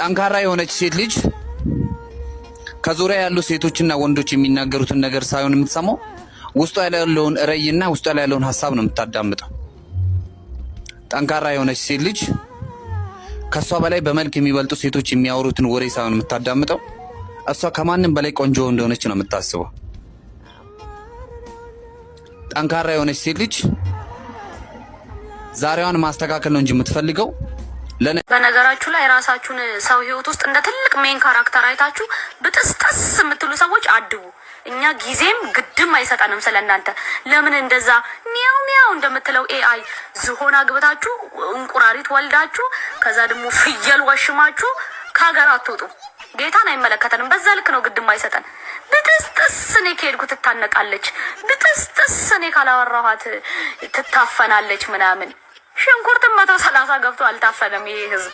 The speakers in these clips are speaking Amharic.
ጠንካራ የሆነች ሴት ልጅ ከዙሪያ ያሉ ሴቶችና ወንዶች የሚናገሩትን ነገር ሳይሆን የምትሰማው ውስጧ ያለውን ራዕይና ውስጧ ያለውን ሀሳብ ነው የምታዳምጠው። ጠንካራ የሆነች ሴት ልጅ ከእሷ በላይ በመልክ የሚበልጡ ሴቶች የሚያወሩትን ወሬ ሳይሆን የምታዳምጠው እሷ ከማንም በላይ ቆንጆ እንደሆነች ነው የምታስበው። ጠንካራ የሆነች ሴት ልጅ ዛሬዋን ማስተካከል ነው እንጂ የምትፈልገው በነገራችሁ ላይ ራሳችሁን ሰው ህይወት ውስጥ እንደ ትልቅ ሜን ካራክተር አይታችሁ ብጥስጥስ የምትሉ ሰዎች አድቡ። እኛ ጊዜም ግድም አይሰጠንም ስለ እናንተ። ለምን እንደዛ ሚያው ሚያው እንደምትለው ኤአይ ዝሆን አግብታችሁ እንቁራሪት ወልዳችሁ ከዛ ደግሞ ፍየል ወሽማችሁ ከሀገር አትወጡ። ጌታን አይመለከተንም። በዛ ልክ ነው ግድም አይሰጠን። ብጥስጥስ እኔ ከሄድኩ ትታነቃለች፣ ብጥስጥስ እኔ ካላወራኋት ትታፈናለች ምናምን ሽንኩርት መቶ ሰላሳ ገብቶ አልታፈለም ይሄ ህዝብ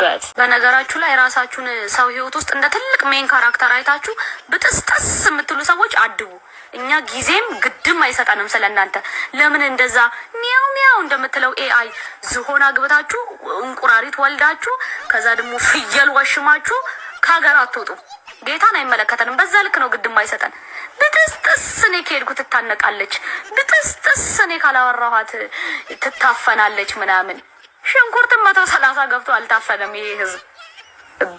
በት በነገራችሁ ላይ ራሳችሁን ሰው ህይወት ውስጥ እንደ ትልቅ ሜን ካራክተር አይታችሁ ብጥስጥስ የምትሉ ሰዎች አድቡ። እኛ ጊዜም ግድም አይሰጠንም ስለ እናንተ። ለምን እንደዛ ሚያው ሚያው እንደምትለው ኤአይ ዝሆን አግብታችሁ እንቁራሪት ወልዳችሁ ከዛ ደግሞ ፍየል ወሽማችሁ ከሀገር አትወጡ። ጌታን አይመለከተንም። በዛ ልክ ነው ግድም አይሰጠን። ብጥስጥስ እኔ ከሄድኩ ትታነቃለች፣ ብጥስጥስ እኔ ካላወራኋት ትታፈናለች ምናምን። ሽንኩርት መቶ ሰላሳ ገብቶ አልታፈነም ይሄ ህዝብ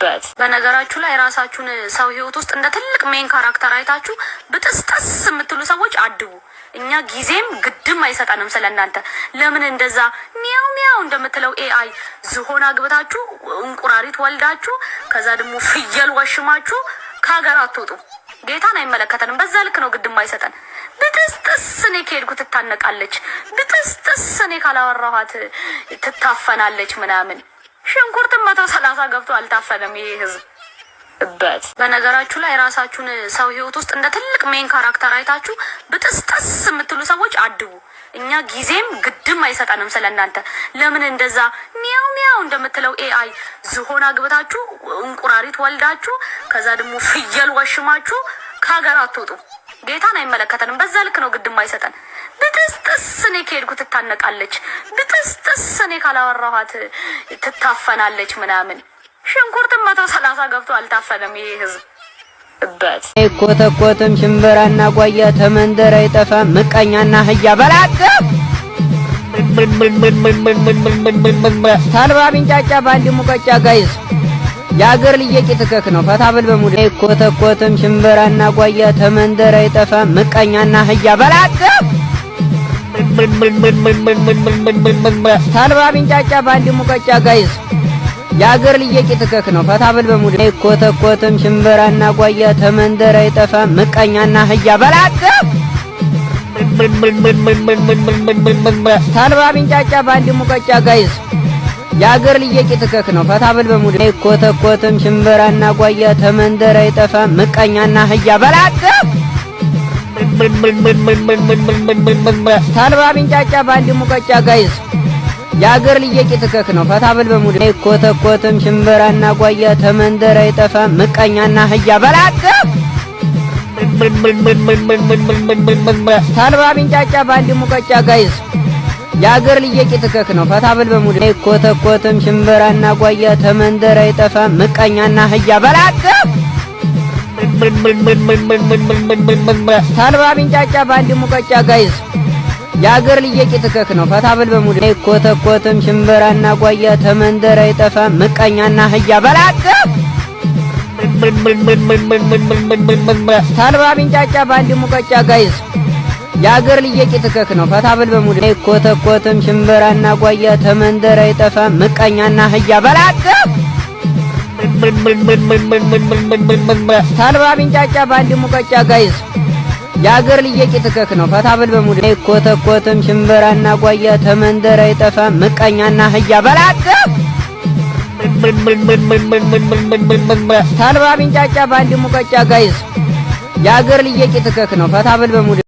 በት በነገራችሁ ላይ ራሳችሁን ሰው ህይወት ውስጥ እንደ ትልቅ ሜን ካራክተር አይታችሁ ብጥስጥስ የምትሉ ሰዎች አድቡ። እኛ ጊዜም ግድም አይሰጠንም ስለ እናንተ። ለምን እንደዛ ሚያው ሚያው እንደምትለው ኤአይ ዝሆን አግብታችሁ እንቁራሪት ወልዳችሁ ከዛ ደግሞ ፍየል ወሽማችሁ ከሀገር አትወጡ። ጌታን አይመለከተንም። በዛ ልክ ነው ግድም አይሰጠን። ብጥስጥስ እኔ ከሄድኩ ትታነቃለች፣ ብጥስጥስ እኔ ካላወራኋት ትታፈናለች ምናምን። ሽንኩርትን መቶ ሰላሳ ገብቶ አልታፈነም ይሄ ህዝብ በት በነገራችሁ ላይ ራሳችሁን ሰው ህይወት ውስጥ እንደ ትልቅ ሜን ካራክተር አይታችሁ ብጥስጥስ የምትሉ ሰዎች አድቡ። እኛ ጊዜም ግድም አይሰጠንም ስለ እናንተ። ለምን እንደዛ ሚያው ሚያው እንደምትለው ኤአይ ዝሆን አግብታችሁ እንቁራሪት ወልዳችሁ ከዛ ደግሞ ፍየል ወሽማችሁ ከሀገር አትወጡ። ጌታን አይመለከተንም። በዛ ልክ ነው ግድም አይሰጠን። ብጥስጥስ እኔ ከሄድኩ ትታነቃለች፣ ብጥስጥስ እኔ ካላወራኋት ትታፈናለች ምናምን። ሽንኩርትም መቶ ሰላሳ ገብቶ አልታፈነም ይሄ ህዝብ በት አይኮተኮትም። ሽምብራና ጓያ ተመንደር አይጠፋም። ምቀኛና አህያ በላቅም ተልባ ቢንጫጫ በአንድ ሙቀጫ ጋይዝ የአገር ልየቅ ትከክ ነው። ፈታ ብል በሙድ ኮተኮትም ሽንበራና ጓያ ተመንደር አይጠፋም። ምቀኛና አህያ በላቅ ተልባ ቢንጫጫ በአንድ ሙቀጫ ጋይዝ የአገር ልየቅ ትከክ ነው። ፈታ ብል በሙድ ኮተኮትም ሽንበራና ጓያ ተመንደር አይጠፋም። ምቀኛና አህያ በላቅ ተልባ ቢንጫጫ በአንድ ሙቀጫ ጋይዝ የአገር ልየቂ ትከክ ነው። ፈታ ብል በሙድ ኮተኮትም ሽንበራና ጓያ ተመንደር አይጠፋም ምቀኛና አህያ በላቅ ተልባ ቢንጫጫ በአንድ ሙቀጫ ጋይዝ የአገር ልየቂ ትከክ ነው። ፈታ ብል በሙድ ኮተኮትም ሽንበራና ጓያ ተመንደር አይጠፋም ምቀኛና አህያ በላቅ ተልባ ሚንጫጫ ባንድ ሙቀጫ ጋይዝ የአገር ልየቂ ትከክ ነው። ፈታ ብል በሙድ አይኮተኮትም ሽንበራና ጓያ ተመንደር አይጠፋም ምቀኛና አህያ በላቅ ተልባ ቢንጫጫ በአንድ ሙቀጫ ጋይዝ የአገር ልየቂ ትከክ ነው። ፈታ ብል በሙድ አይኮተኮትም ሽንበራና ጓያ ተመንደር አይጠፋም ምቀኛና አህያ በላቅ ተልባ ቢንጫጫ በአንድ ሙቀጫ ጋይዝ የአገር ልየቂ ትከክ ነው። ፈታ ብል በሙድ አይኮተኮትም ሽንበራና ጓያ ተመንደር አይጠፋም ምቀኛና አህያ በላጥ ተልባ ቢንጫጫ በአንድ ሙቀጫ ጋይዝ የአገር ልየቂ ትከክ ነው። ፈታ ብል በሙድ አይኮተኮትም ሽንበራና ጓያ ተመንደር አይጠፋም ምቀኛና አህያ በላጥ ተልባ ሚንጫጫ በአንድ ሙቀጫ ጋይዝ የአገር ልየቄ ትከክ ነው። ፈታ በል በሙድ